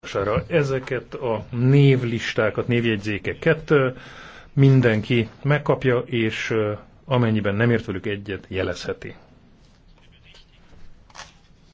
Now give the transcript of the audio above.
megírására ezeket a névlistákat, névjegyzékeket mindenki megkapja, és amennyiben nem ért velük egyet, jelezheti.